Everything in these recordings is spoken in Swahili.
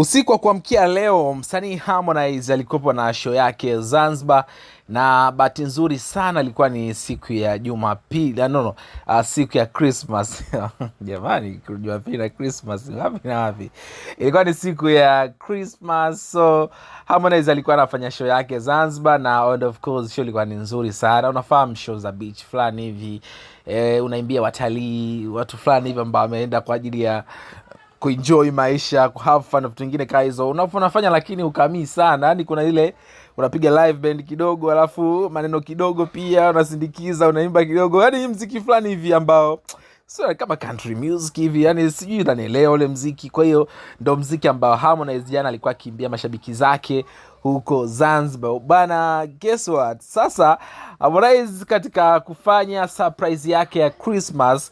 Usiku wa kuamkia leo msanii Harmonize alikuwepo na show yake Zanzibar, na bahati nzuri sana ilikuwa ni siku ya Jumapili, ah, no, no, uh, siku ya Christmas jamani, Jumapili na Christmas wapi na wapi? Ilikuwa ni siku ya Christmas, so Harmonize alikuwa anafanya show yake Zanzibar, na and of course show ilikuwa ni nzuri sana. Unafahamu show za beach fulani hivi eh, unaimbia watalii, watu fulani hivi ambao wameenda kwa ajili ya kuenjoy maisha kuhave fun na vitu vingine kaa hizo unafanya, lakini ukamii sana. Yani kuna ile unapiga live band kidogo, alafu maneno kidogo pia unasindikiza, unaimba kidogo, yani mziki fulani hivi ambao So, kama country music hivi, yani sijui utanielewa ule mziki. Kwa hiyo ndo mziki ambao Harmonize jana alikuwa akimbia mashabiki zake huko Zanzibar bana. Guess what? Sasa Harmonize katika kufanya surprise yake ya Christmas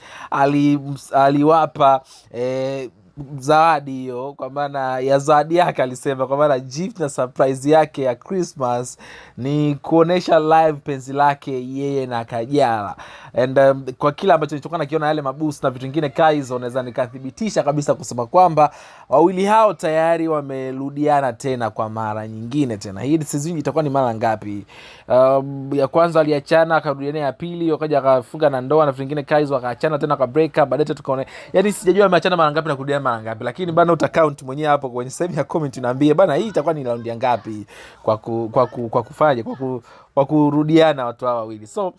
aliwapa ali eh, zawadi hiyo, kwa maana ya zawadi yake alisema, kwa maana gift na surprise yake ya Christmas ni kuonesha live penzi lake yeye na Kajala and um, kwa kila ambacho nilichokuwa nakiona yale mabusu na vitu vingine kaizo, naweza nikathibitisha kabisa kusema kwamba wawili hao tayari wamerudiana tena kwa mara nyingine tena. Hii siziji itakuwa ni mara ngapi? Um, ya kwanza aliachana akarudiana, ya pili wakaja akafunga na ndoa na vitu vingine kaizo, akaachana tena kwa break up baadaye, tukaona yani, sijajua ameachana mara ngapi na kurudiana ngapi, lakini bana uta count mwenyewe hapo kwenye sehemu ya comment, unaambie bana hii itakuwa ni raundi ya ngapi kwa ku, kwa ku, kwa kufanya kwa ku, kwa kurudiana watu hawa wawili so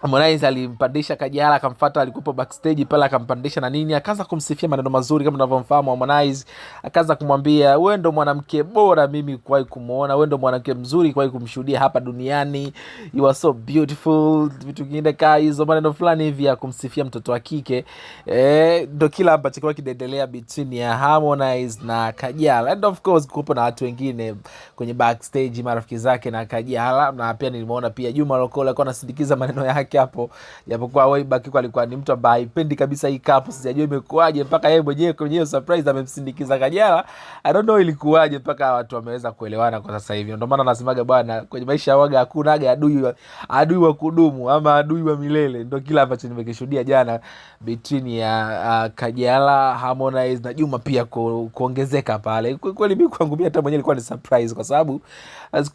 Harmonize alimpandisha Kajala, akamfuata, alikuwa backstage pale, akampandisha na nini, akaanza kumsifia maneno mazuri kama unavyomfahamu Harmonize. Akaanza kumwambia wewe ndo mwanamke bora mimi kuwahi kumuona, wewe ndo mwanamke mzuri kuwahi kumshuhudia hapa duniani, you are so beautiful, vitu vingine kaa hizo, maneno fulani hivi ya kumsifia mtoto wa kike eh, ndo kila ambacho kwa kinaendelea between ya Harmonize na Kajala, and of course kupo na watu wengine kwenye backstage, marafiki zake na Kajala, na pia nilimwona pia Juma Lokole alikuwa anasindikiza maneno yake yake hapo, japokuwa Wayback alikuwa ni mtu ambaye haipendi kabisa hii cup. Sijajua imekuwaje mpaka yeye mwenyewe kwenye hiyo surprise amemsindikiza Kajala. I don't know ilikuwaje mpaka watu wameweza kuelewana kwa sasa hivi. Ndio maana nasemaga bwana, kwenye maisha waga hakuna aga adui wa, adui wa kudumu ama adui wa milele. Ndio kila ambacho nimekishuhudia jana between ya uh, Kajala Harmonize na Juma pia ku, kuongezeka pale. Kweli mimi kwangu mimi hata mwenyewe ilikuwa ni surprise kwa sababu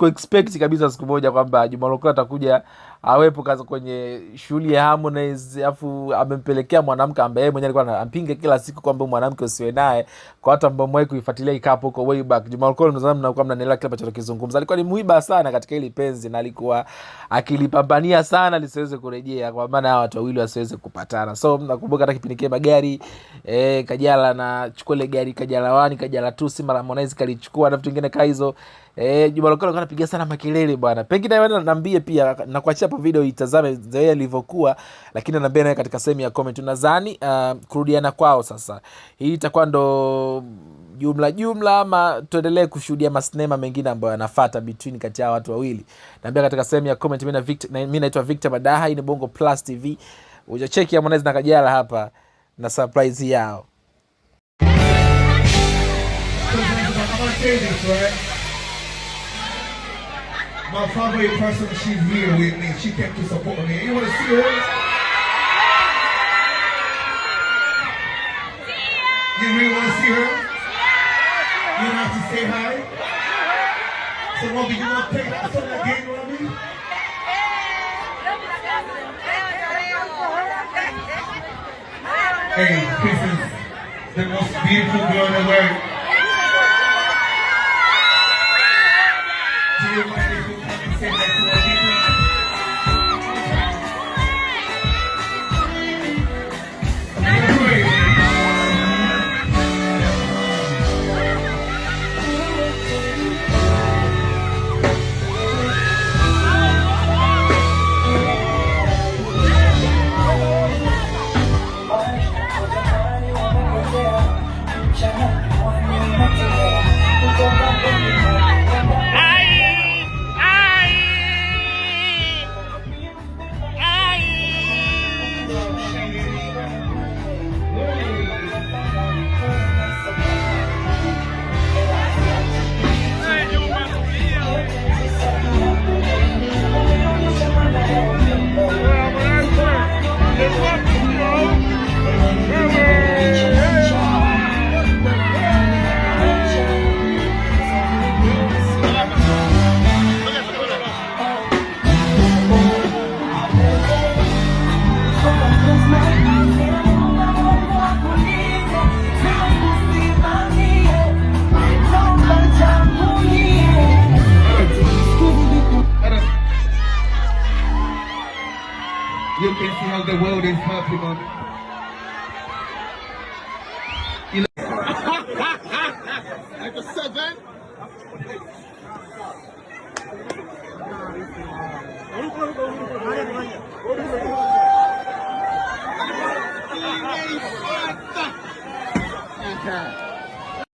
expect kabisa siku moja kwamba Juma Lokole atakuja awepo kaza kwenye shughuli ya Harmonize, afu amempelekea mwanamke ambaye mwenyewe alikuwa anampinga kila siku kwamba mwanamke usiwe naye. Kwa watu ambao mwahi kuifuatilia ikapo huko way back, Juma Lokole, mnadhani mnakuwa mnanielewa kile ambacho nakizungumza. Alikuwa ni mwiba sana katika ile penzi, na alikuwa akilipambania sana lisiweze kurejea, kwa maana hawa watu wawili wasiweze kupatana. So nakumbuka hata kipindi kile magari eh, Kajala na chukua ile gari Kajala 1 Kajala 2, Simba Harmonize kalichukua na vitu vingine kaizo Eh, Juma Lokole alikuwa anapiga sana makelele bwana. Pengine wewe niambie pia na kuachia hapo video itazame yeye alivyokuwa, lakini niambie naye katika sehemu ya comment unadhani uh, kurudiana kwao sasa. Hii itakuwa ndo jumla jumla ama tuendelee kushuhudia masinema mengine ambayo yanafuata between kati ya watu wawili. Naambia katika sehemu ya comment mimi na Victor mimi naitwa Victor Madaha, hii ni Bongo Plus TV. Uja cheki Harmonize na Kajala hapa na surprise yao. my favorite person she's here with me. She came to support me. You want to see her? You really want to see her? You want to say hi? So Robbie, you want to play that song again, Robbie? Hey, this is the most beautiful girl in the world. around the world in Pokemon.